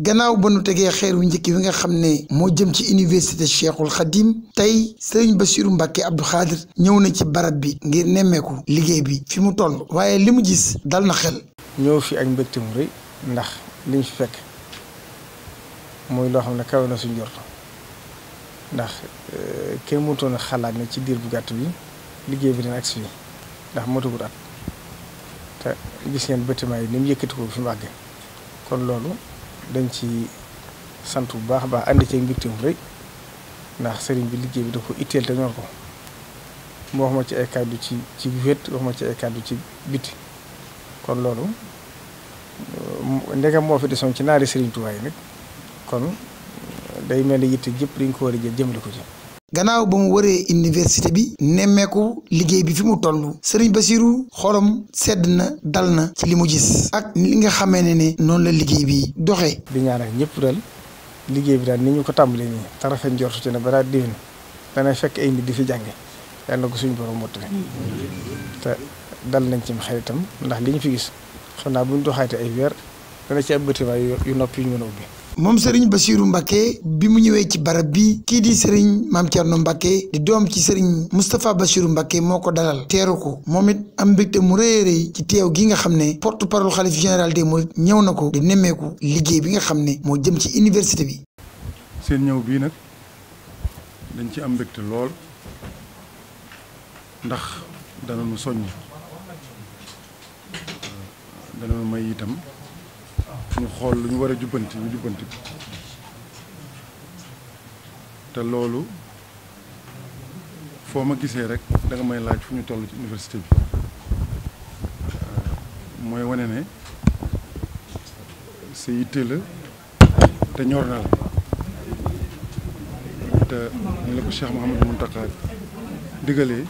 gannaaw ba nu tegee xeer xeeru njëkk wi nga xam ne moo jëm ci université Cheikhul Khadim tey ba Bassirou Mbacke Abdou Khadir ñëw na ci barab bi ngir nemmeeku liggéey bi fi mu toll waaye li mu gis dal na xel. ñëw fi ak mbégte mu rëy ndax liñ fi fekk mooy loo xam ne kawe na suñ euh, kenn mënutoon a xalaat ne ci diir bu gàtt bi liggéey bi dina agsi fii ndax motagul at te gis ngeen bâtiment yi ni mu yëkkati ko fi mu àgg kon loolu. dañ ci sant bu baax a baax ànd ceeg mbégte mu rëy ndax sëriñ bi liggéey bi da ko itteel te ñor ko mu wax ma ci ay kàddu ci ci wét wax ma ci ay kàddu ci biti kon loolu ndegam moo fi desoon ci naari sëriñ Tuubaa nag kon day mel ni yitte jëpp dañ ko war a jël jëmale ko ci. gannaaw ba mu waree université bi nemmeeku liggéey bi fi mu toll sëriñ Basiru xolam sedd na dal na ci li mu gis ak li nga xamee ne ne noonu la liggéey bi doxe di ñaanal ñëpp daal liggéey bi daal ni ñu ko tàmbalee nii tarafe njortu ci ne balaa déwén dana fekk ay nit di fi jànge yàlla na ko suñu borom mottali te dal nañ ci xaritam ndax li ñu fi gis xam naa bu ñu doxaatee ay weer dana ci ab bâtiment yu noppi yu nopp mën a ubbi. moom sëriñ Bassirou Mbacké bi mu ñëwee ci barab bi kii di sëriñ Mame Thierno Mbacké di doom ci Serigne Moustapha Bassirou Mbacké moo ko dalal teeru ko moom it am mbégte mu rëy rëy ci teew gi nga xam ne porte-parole xalif général de Mourides ñëw na ko di nemmeeku liggéey bi nga xam ne moo jëm ci université bi. seen ñëw bii nag dañ ci am mbégte lool ndax dana nu soññ dana nu may itam. ñu xool lu ñu war a jubbanti ñu jubbanti te loolu foo ma gisee rek danga nga may laaj fu ñu toll ci université bi euh, mooy wane ne sa yitte la te ñor na la te ni la ko Cheikh Mouhamadou Mountakha digalee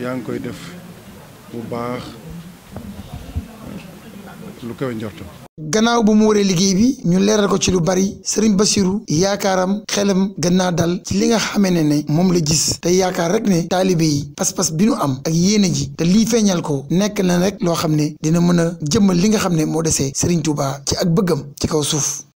yaa ngi koy def bu baax lu kawe njortam. gannaaw bu mu waree liggéey bi ñu leeral ko ci lu bari sëriñ Basiru yaakaaram xelam gën naa dal ci li nga xamee ne ne moom la gis te yaakaar rek ne taalibe yi pas-pas bi nu am ak yéene ji te lii feeñal ko nekk na rek loo xam ne dina mën a jëmmal li nga xam ne moo desee sëriñ Tuubaa ci ak bëggam ci kaw suuf